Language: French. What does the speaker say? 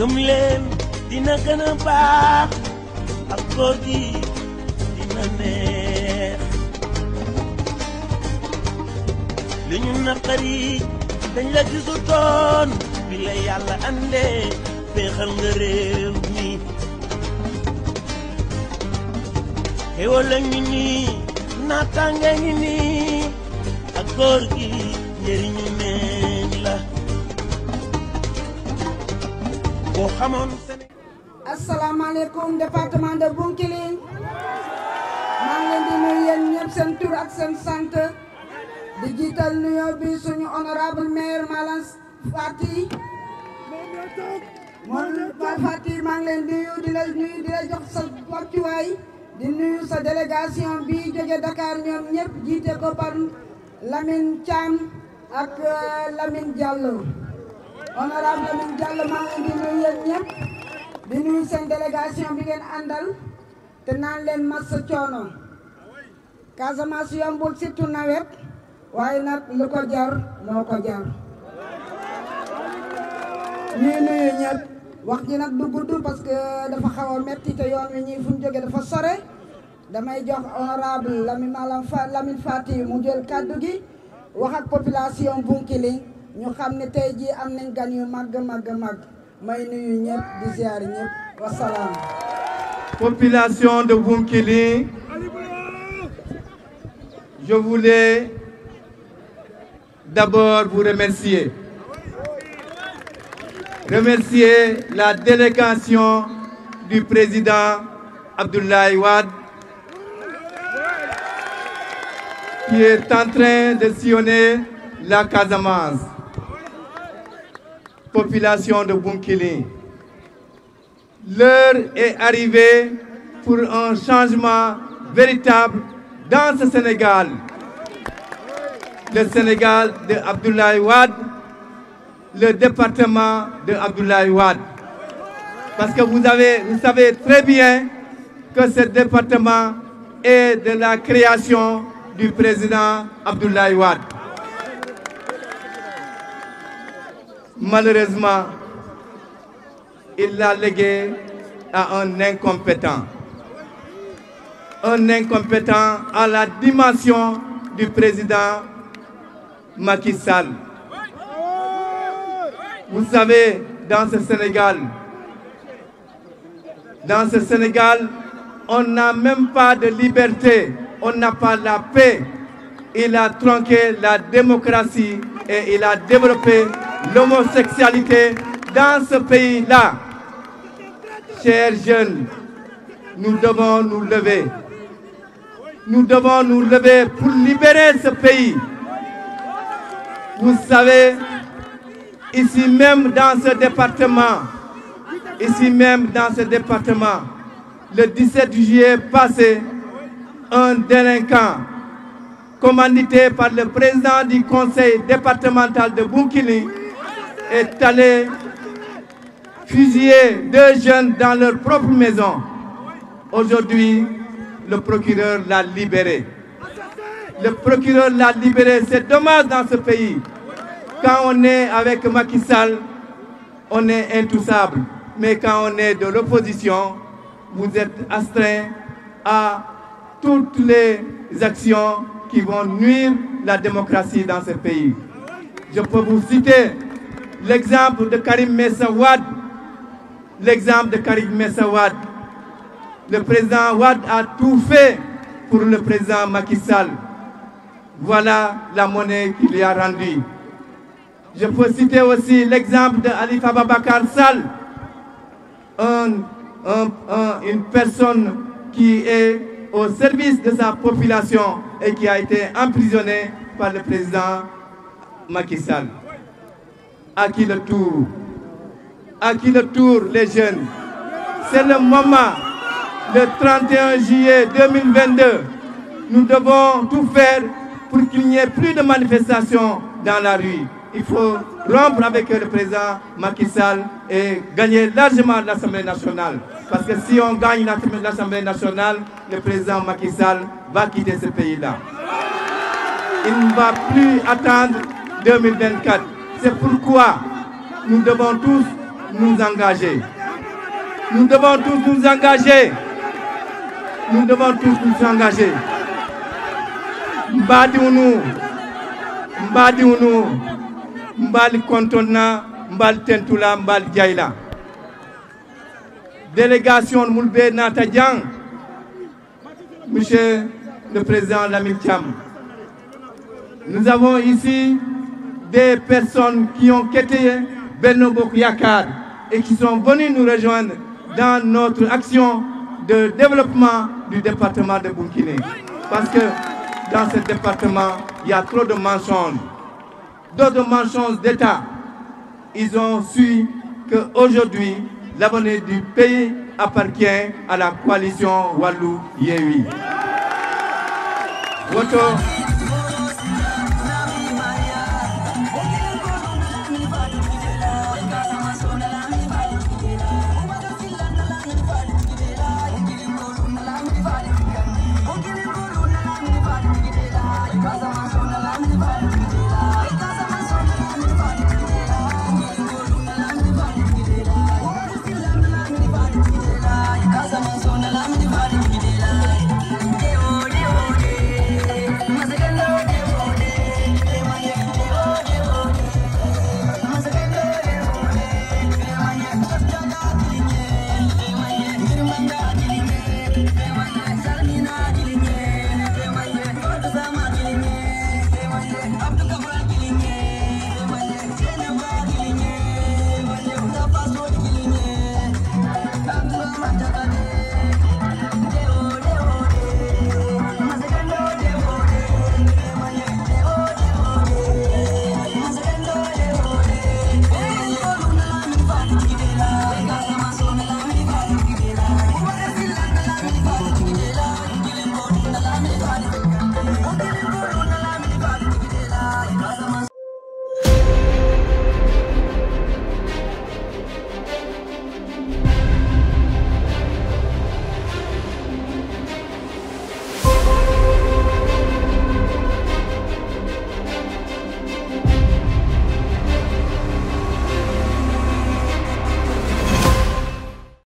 gëm leen dina gën a baax ak góor gi dina neex li ñu naqari dañ la gisutoon bi la yàlla andee féexal nga réew mi xéwal a ngi nii naataange ngi nii ak góor gi njëriñu Assalamualaikum, xamoon asalaamaaleykum département de bunkiling maa ngi di nuyu yéen ñëpp seen tur ak seen sante di jiital bi suñu honorable maire malans Fati moom Ba Fati maa ngi leen di nuyu di la nuyu di la jox sa way di nuyu sa délégation bi jóge Dakar ñom ñëpp jité ko par Lamine cham ak euh, Lamine Diallo honorable Lamine Diallo maa ngi di nuyu yéen ñëpp di nuyu seen délégation bi ngeen àndal te naan leen massa Casamance yombul nawet jar moo jar ñuy nuyu ñëpp wax ji nag du gudd parce que dafa xaw a metti te yoon wi ñii fu dafa sore damay jox honorable Malam Lamine Fati mu jël kàddu gi wax ak population Nous population de Bunkili, je voulais d'abord vous remercier remercier la délégation du président Abdoulaye Wade qui est en train de sillonner la Casamance population de Bunkili. L'heure est arrivée pour un changement véritable dans ce Sénégal. Le Sénégal de Abdoulaye Wade, le département de Abdoulaye Wade. Parce que vous, avez, vous savez très bien que ce département est de la création du président Abdoulaye Wade. Malheureusement, il l'a légué à un incompétent. Un incompétent à la dimension du président Macky Sall. Vous savez, dans ce Sénégal, dans ce Sénégal, on n'a même pas de liberté, on n'a pas la paix. Il a tronqué la démocratie et il a développé l'homosexualité dans ce pays-là. Chers jeunes, nous devons nous lever. Nous devons nous lever pour libérer ce pays. Vous savez, ici même dans ce département, ici même dans ce département, le 17 juillet passé, un délinquant commandité par le président du conseil départemental de Bunkini est allé fusiller deux jeunes dans leur propre maison. Aujourd'hui, le procureur l'a libéré. Le procureur l'a libéré. C'est dommage dans ce pays. Quand on est avec Macky Sall, on est intouchable. Mais quand on est de l'opposition, vous êtes astreint à toutes les actions qui vont nuire la démocratie dans ce pays. Je peux vous citer l'exemple de Karim Messawad. l'exemple de Karim Le président Wad a tout fait pour le président Macky Sall. Voilà la monnaie qu'il lui a rendue. Je peux citer aussi l'exemple de Alifa Babakar Sall, une personne qui est au service de sa population et qui a été emprisonnée par le président Macky Sall. À qui le tour À qui le tour, les jeunes C'est le moment, le 31 juillet 2022. Nous devons tout faire pour qu'il n'y ait plus de manifestations dans la rue. Il faut rompre avec le président Macky Sall et gagner largement l'Assemblée nationale. Parce que si on gagne l'Assemblée nationale, le président Macky Sall va quitter ce pays-là. Il ne va plus attendre 2024. C'est pourquoi nous devons tous nous engager. Nous devons tous nous engager. Nous devons tous nous engager. Mbadiounou, nous Mbal Kontona, Mbal Tentula, Mbal Djaïla. Délégation de Moulbe Natadjan, Monsieur le Président Lamil Nous avons ici des personnes qui ont quitté Benno yakar et qui sont venues nous rejoindre dans notre action de développement du département de Bunkine. Parce que dans ce département, il y a trop de mensonges. D'autres mensonges d'État, ils ont su qu'aujourd'hui, l'avenir du pays appartient à la coalition Wallou-Yewi.